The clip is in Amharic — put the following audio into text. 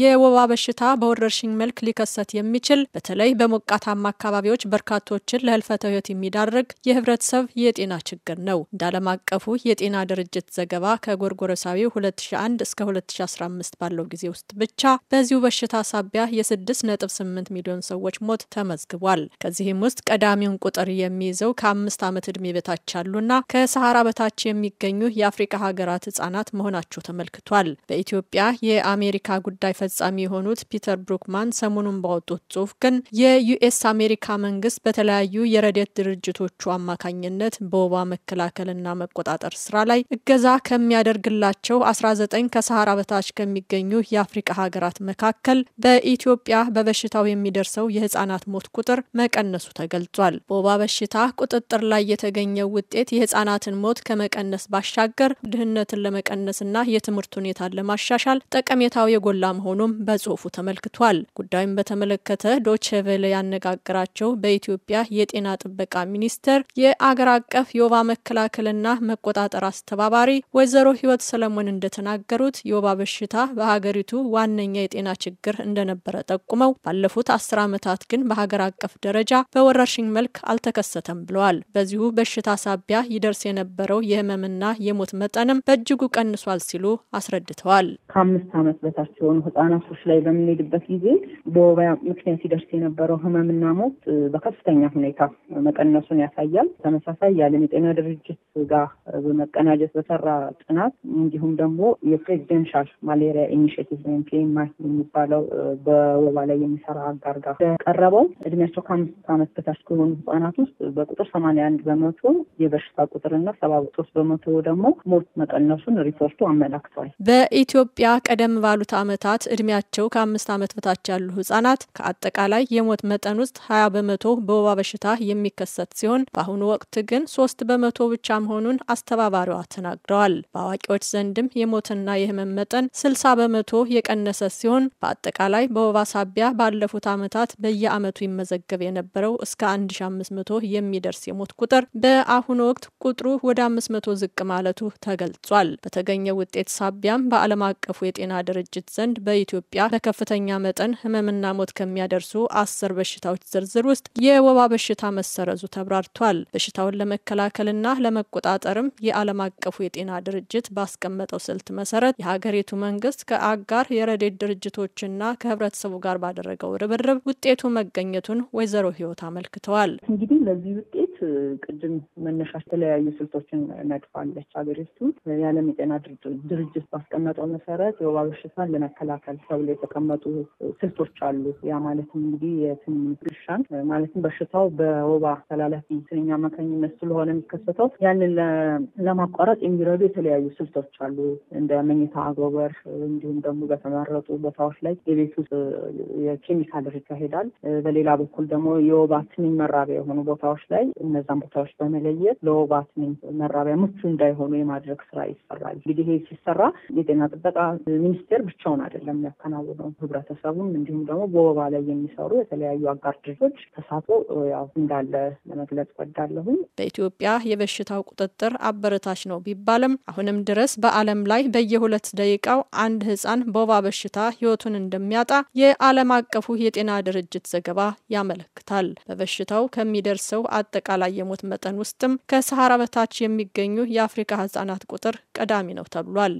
የወባ በሽታ በወረርሽኝ መልክ ሊከሰት የሚችል በተለይ በሞቃታማ አካባቢዎች በርካቶችን ለህልፈተ ህይወት የሚዳርግ የህብረተሰብ የጤና ችግር ነው። እንደ ዓለም አቀፉ የጤና ድርጅት ዘገባ ከጎርጎረሳዊ 2001 እስከ 2015 ባለው ጊዜ ውስጥ ብቻ በዚሁ በሽታ ሳቢያ የ6.8 ሚሊዮን ሰዎች ሞት ተመዝግቧል። ከዚህም ውስጥ ቀዳሚውን ቁጥር የሚይዘው ከአምስት ዓመት ዕድሜ በታች ያሉና ከሰሐራ በታች የሚገኙ የአፍሪካ ሀገራት ህጻናት መሆናቸው ተመልክቷል። በኢትዮጵያ የአሜሪካ ጉዳይ ፈጻሚ የሆኑት ፒተር ብሩክማን ሰሞኑን ባወጡት ጽሁፍ ግን የዩኤስ አሜሪካ መንግስት በተለያዩ የረዴት ድርጅቶቹ አማካኝነት በወባ መከላከልና መቆጣጠር ስራ ላይ እገዛ ከሚያደርግላቸው 19 ከሰሃራ በታች ከሚገኙ የአፍሪቃ ሀገራት መካከል በኢትዮጵያ በበሽታው የሚደርሰው የህጻናት ሞት ቁጥር መቀነሱ ተገልጿል። በወባ በሽታ ቁጥጥር ላይ የተገኘው ውጤት የህጻናትን ሞት ከመቀነስ ባሻገር ድህነትን ለመቀነስና የትምህርት ሁኔታን ለማሻሻል ጠቀሜታው የጎላ መሆኑ መሆኑም በጽሁፉ ተመልክቷል። ጉዳዩን በተመለከተ ዶቸቬለ ያነጋግራቸው በኢትዮጵያ የጤና ጥበቃ ሚኒስቴር የአገር አቀፍ የወባ መከላከልና መቆጣጠር አስተባባሪ ወይዘሮ ህይወት ሰለሞን እንደተናገሩት የወባ በሽታ በሀገሪቱ ዋነኛ የጤና ችግር እንደነበረ ጠቁመው ባለፉት አስር ዓመታት ግን በሀገር አቀፍ ደረጃ በወረርሽኝ መልክ አልተከሰተም ብለዋል። በዚሁ በሽታ ሳቢያ ይደርስ የነበረው የህመምና የሞት መጠንም በእጅጉ ቀንሷል ሲሉ አስረድተዋል። ከአምስት ዓመት በታች የሆኑ ህጻናቶች ላይ በምንሄድበት ጊዜ በወባ ምክንያት ሲደርስ የነበረው ህመምና ሞት በከፍተኛ ሁኔታ መቀነሱን ያሳያል። ተመሳሳይ የዓለም የጤና ድርጅት ጋር በመቀናጀት በሰራ ጥናት እንዲሁም ደግሞ የፕሬዚደንሻል ማሌሪያ ኢኒሽቲቭ ወይም ፒኤምአይ የሚባለው በወባ ላይ የሚሰራ አጋር ጋር ቀረበው እድሜያቸው ከአምስት ዓመት በታች ከሆኑ ህጻናት ውስጥ በቁጥር ሰማንያ አንድ በመቶ የበሽታ ቁጥርና ሰባ ሶስት በመቶ ደግሞ ሞት መቀነሱን ሪፖርቱ አመላክቷል። በኢትዮጵያ ቀደም ባሉት ዓመታት እድሜያቸው ከአምስት ዓመት በታች ያሉ ህጻናት ከአጠቃላይ የሞት መጠን ውስጥ ሀያ በመቶ በወባ በሽታ የሚከሰት ሲሆን በአሁኑ ወቅት ግን ሶስት በመቶ ብቻ መሆኑን አስተባባሪዋ ተናግረዋል። በአዋቂዎች ዘንድም የሞትና የህመም መጠን ስልሳ በመቶ የቀነሰ ሲሆን በአጠቃላይ በወባ ሳቢያ ባለፉት ዓመታት በየዓመቱ ይመዘገብ የነበረው እስከ 1500 የሚደርስ የሞት ቁጥር በአሁኑ ወቅት ቁጥሩ ወደ 500 ዝቅ ማለቱ ተገልጿል። በተገኘ ውጤት ሳቢያም በዓለም አቀፉ የጤና ድርጅት ዘንድ በ በኢትዮጵያ በከፍተኛ መጠን ህመምና ሞት ከሚያደርሱ አስር በሽታዎች ዝርዝር ውስጥ የወባ በሽታ መሰረዙ ተብራርቷል። በሽታውን ለመከላከልና ለመቆጣጠርም የዓለም አቀፉ የጤና ድርጅት ባስቀመጠው ስልት መሰረት የሀገሪቱ መንግስት ከአጋር የረዴት ድርጅቶችና ከህብረተሰቡ ጋር ባደረገው ርብርብ ውጤቱ መገኘቱን ወይዘሮ ህይወት አመልክተዋል። እንግዲህ ለዚህ ውጤት እንዳሉት ቅድም መነሻ የተለያዩ ስልቶችን ነድፋለች ሀገሪቱ። የዓለም የጤና ድርጅት ባስቀመጠው መሰረት የወባ በሽታን ለመከላከል ተብሎ የተቀመጡ ስልቶች አሉ። ያ ማለትም እንግዲህ የትንኝ ግሻን ማለትም በሽታው በወባ ተላላፊ ትንኝ አማካኝነት ስለሆነ የሚከሰተው ያንን ለማቋረጥ የሚረዱ የተለያዩ ስልቶች አሉ። እንደ መኝታ አጎበር እንዲሁም ደግሞ በተመረጡ ቦታዎች ላይ የቤት ውስጥ የኬሚካል ይካሄዳል። በሌላ በኩል ደግሞ የወባ ትንኝ መራቢያ የሆኑ ቦታዎች ላይ እነዛን ቦታዎች በመለየት ለወባ ትንኝ መራቢያ ምቹ እንዳይሆኑ የማድረግ ስራ ይሰራል። እንግዲህ ይሄ ሲሰራ የጤና ጥበቃ ሚኒስቴር ብቻውን አይደለም የሚያከናውነው። ህብረተሰቡም እንዲሁም ደግሞ በወባ ላይ የሚሰሩ የተለያዩ አጋር ድርጅቶች ተሳትፎ ያው እንዳለ ለመግለጽ ወዳለሁኝ። በኢትዮጵያ የበሽታው ቁጥጥር አበረታች ነው ቢባልም አሁንም ድረስ በዓለም ላይ በየሁለት ደቂቃው አንድ ህጻን በወባ በሽታ ህይወቱን እንደሚያጣ የዓለም አቀፉ የጤና ድርጅት ዘገባ ያመለክታል። በበሽታው ከሚደርሰው አጠቃላይ ከአጠቃላይ የሞት መጠን ውስጥም ከሰሃራ በታች የሚገኙ የአፍሪካ ህጻናት ቁጥር ቀዳሚ ነው ተብሏል።